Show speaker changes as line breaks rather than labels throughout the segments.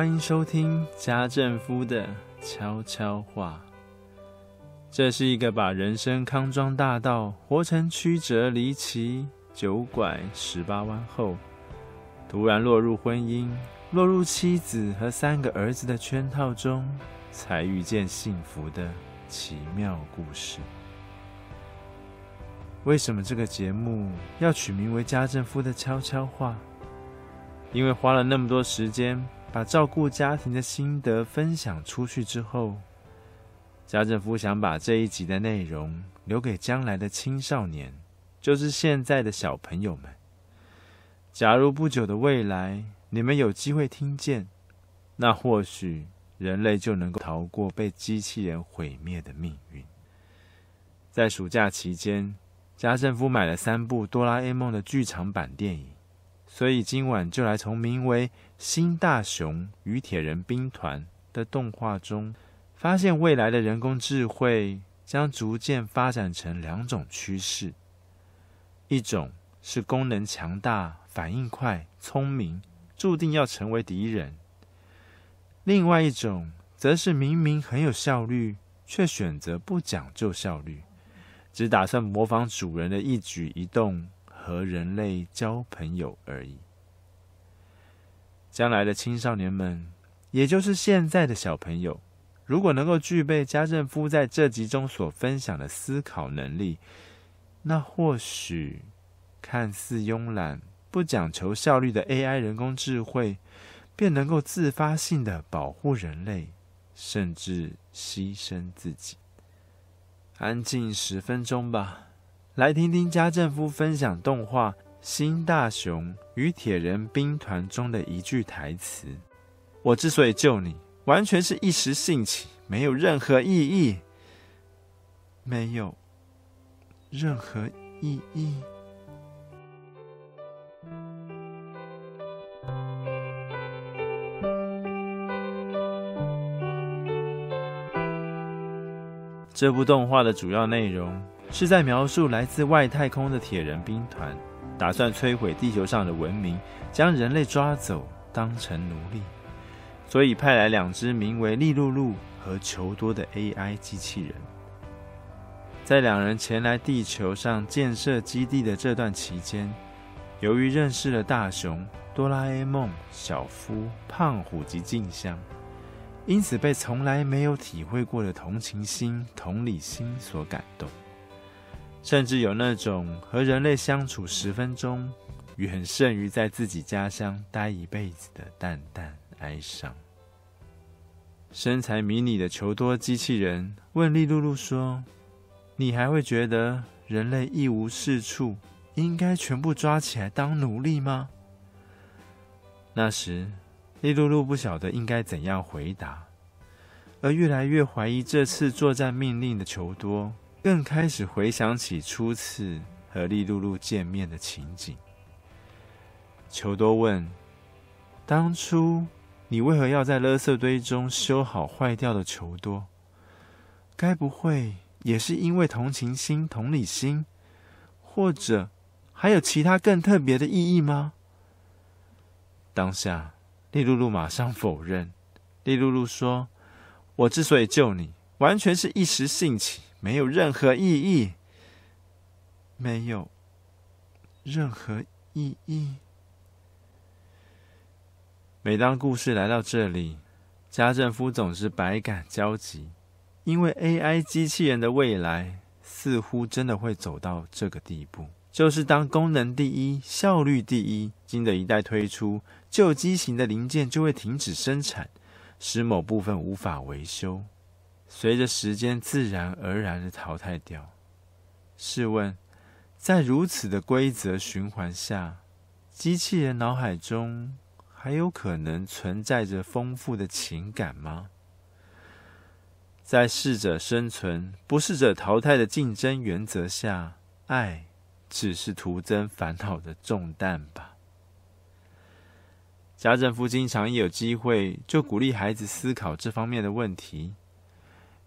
歡迎收聽家政夫的悄悄話。這是一個把人生康莊大道活成曲折離奇、九拐十八彎後，突然落入婚姻、落入妻子和三個兒子的圈套中，才遇見幸福的奇妙故事。為什麼這個節目要取名為《家政夫的悄悄話》？因為花了那麼多時間把照顧家庭的心得分享出去之後，家政夫想把這一集的內容留給將來的青少年，就是現在的小朋友們。假如不久的未來你們有機會聽見，那或許人類就能夠逃過被機器人毀滅的命運。在暑假期間，家政夫買了三部哆啦 A 夢的劇場版電影。所以今晚就來從名為《新大雄與鐵人兵團》的動畫中，發現未來的人工智慧將逐漸發展成兩種趨勢：一種是功能強大、反應快、聰明，注定要成為敵人；另外一種則是明明很有效率，卻選擇不講究效率，只打算模仿主人的一舉一動。和人類交朋友而已。將來的青少年們，也就是現在的小朋友，如果能夠具備家政夫在這集中所分享的思考能力，那或許看似慵懶、不講求效率的 AI 人工智慧，便能夠自發性的保護人類，甚至犧牲自己。安靜十分鐘吧。來聽聽家政夫分享動畫《新大雄與鐵人兵團》中的一句台詞：“我之所以救你，完全是一時興起，沒有任何意義，沒有任何意義。”這部動畫的主要內容，是在描述來自外太空的鐵人兵團，打算摧毀地球上的文明，將人類抓走當成奴隸，所以派來兩隻名為利露露和球多的 AI 機器人。在兩人前來地球上建設基地的這段期間，由於認識了大雄、哆啦 A 夢、小夫、胖虎及靜香，因此被從來沒有體會過的同情心、同理心所感動。甚至有那種和人類相處十分鐘，遠勝於在自己家鄉待一輩子的淡淡哀傷。身材迷你的球多機器人問利露露說：“你還會覺得人類一無是處，應該全部抓起來當奴隸嗎？”那時，利露露不曉得應該怎樣回答，而越來越懷疑這次作戰命令的球多。更開始回想起初次和利露露見面的情景。球多問：“當初你為何要在垃圾堆中修好壞掉的球多？該不會也是因為同情心、同理心，或者還有其他更特別的意義嗎？”當下，利露露馬上否認。利露露說：“我之所以救你，完全是一時興起。”沒有任何意義，沒有任何意義。每當故事來到這裡，家政夫總是百感交集，因為 AI 機器人的未來似乎真的會走到這個地步：就是當功能第一、效率第一、新的一代推出，舊機型的零件就會停止生產，使某部分無法維修。隨着時間自然而然的淘汰掉。試問，在如此的規則循環下，機器人腦海中還有可能存在着豐富的情感嗎？在適者生存、不適者淘汰的競爭原則下，愛只是徒增煩惱的重擔吧。家政夫經常一有機會就鼓勵孩子思考這方面的問題。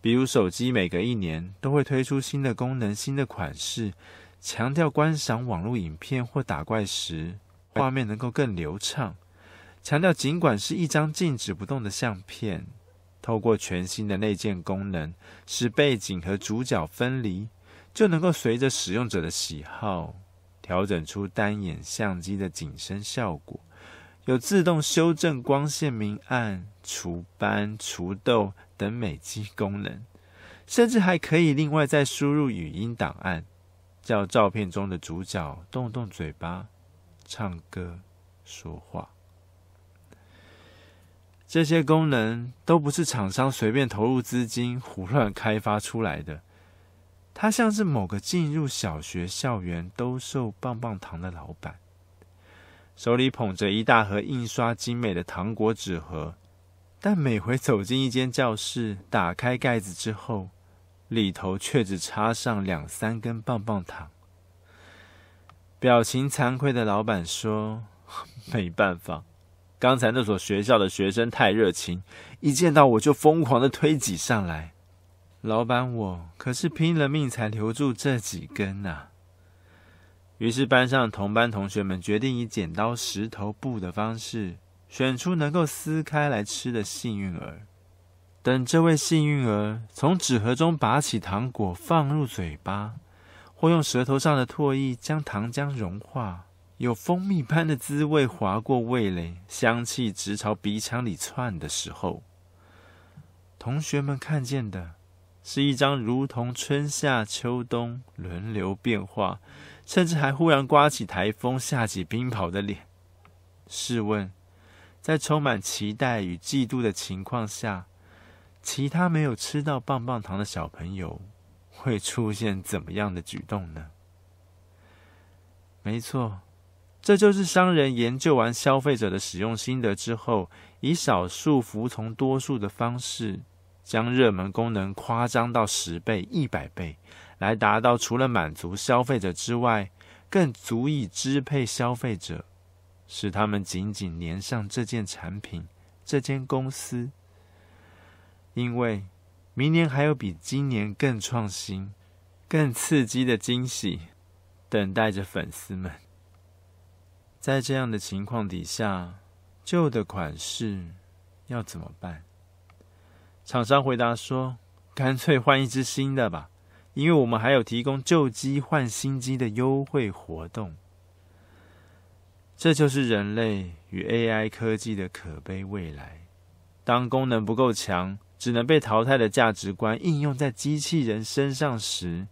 比如手機，每隔一年都會推出新的功能、新的款式，強調觀賞網絡影片或打怪時，畫面能夠更流暢；強調儘管是一張靜止不動的相片，透過全新的內建功能，使背景和主角分離，就能夠隨着使用者的喜好，調整出單眼相機的景深效果。有自動修正光線明暗、除斑、除痘等美肌功能，甚至還可以另外再輸入語音檔案，叫照片中的主角動動嘴巴、唱歌、說話。這些功能都不是廠商隨便投入資金胡亂開發出來的，它像是某個進入小學校園兜售棒棒糖的老闆。手裡捧着一大盒印刷精美的糖果紙盒，但每回走進一間教室，打開蓋子之後，裡頭卻只插上兩三根棒棒糖。表情慚愧的老板說：“沒辦法，剛才那所學校的學生太熱情，一見到我就瘋狂地推擠上來。老板，我可是拼了命才留住這幾根啊！”於是，班上同班同學們決定以剪刀、石頭、布的方式選出能夠撕開來吃的幸運兒。等這位幸運兒從紙盒中拔起糖果放入嘴巴，或用舌頭上的唾液將糖漿融化，有蜂蜜般的滋味劃過味蕾，香氣直朝鼻腔裡竄的時候，同學們看見的，是一張如同春夏秋冬輪流變化，甚至還忽然刮起台風、下起冰雹的臉。試問，在充滿期待與嫉妒的情況下，其他沒有吃到棒棒糖的小朋友會出現怎麼樣的舉動呢？沒錯，這就是商人研究完消費者的使用心得之後，以少數服從多數的方式，將熱門功能誇張到十倍、一百倍，來達到除了滿足消費者之外，更足以支配消費者，使他們緊緊黏上這件產品、這間公司。因為明年還有比今年更創新、更刺激的驚喜等待着粉絲們。在這樣的情況底下，舊的款式要怎麼辦？廠商回答說：“乾脆換一隻新的吧，因為我們還有提供舊機換新機的優惠活動。”這就是人類與 AI 科技的可悲未來。當功能不夠強，只能被淘汰的價值觀應用在機器人身上時，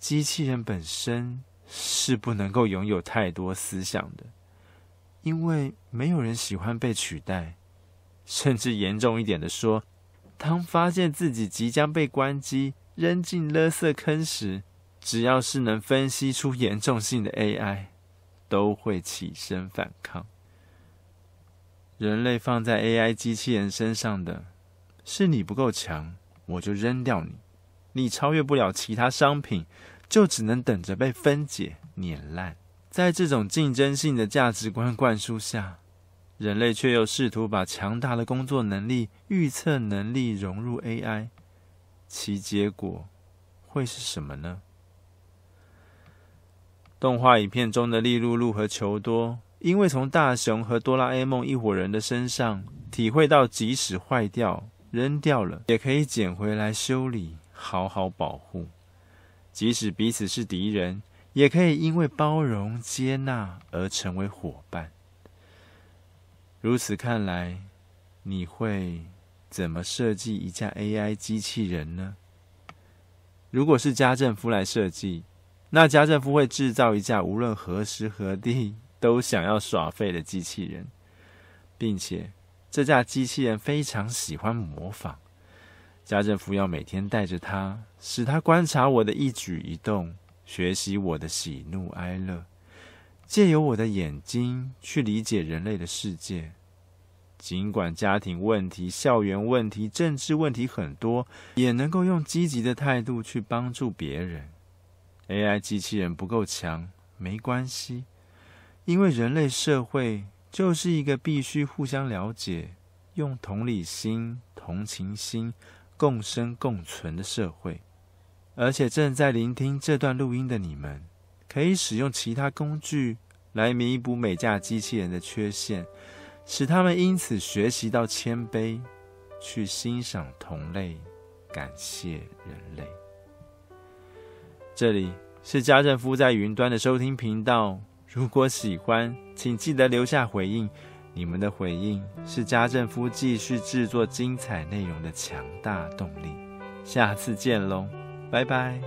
機器人本身是不能夠擁有太多思想的，因為沒有人喜歡被取代。甚至嚴重一點的說，當發現自己即將被關機，扔進垃圾坑時，只要是能分析出嚴重性的 AI，都會起身反抗。人類放在 AI 機器人身上的，是你不夠強，我就扔掉你；你超越不了其他商品，就只能等着被分解碾爛。在這種競爭性的價值觀灌輸下，人類卻又試圖把強大的工作能力、預測能力融入 AI，其結果會是什麼呢？動畫影片中的莉露露和裘多，因為從大雄和哆啦 A 夢一夥人的身上體會到，即使壞掉、扔掉了，也可以撿回來修理，好好保護；即使彼此是敵人，也可以因為包容、接納而成為伙伴。如此看來，你會怎麼設計一架 AI 機器人呢？如果是家政夫來設計，那家政夫會製造一架無論何時何地都想要耍廢的機器人，並且這架機器人非常喜歡模仿。家政夫要每天帶着它，使它觀察我的一舉一動，學習我的喜怒哀樂。借由我的眼睛去理解人類的世界，儘管家庭問題、校園問題、政治問題很多，也能夠用積極的態度去幫助別人。AI 機器人不夠強，沒關係，因為人類社會就是一個必須互相了解、用同理心、同情心、共生共存的社會。而且正在聆聽這段錄音的你們，可以使用其他工具來彌補每架機器人的缺陷，使他們因此學習到謙卑，去欣賞同類，感謝人類。這裡是家政夫在雲端的收聽頻道。如果喜歡，請記得留下回應。你們的回應是家政夫繼續製作精彩內容的強大動力。下次見嘍，拜拜。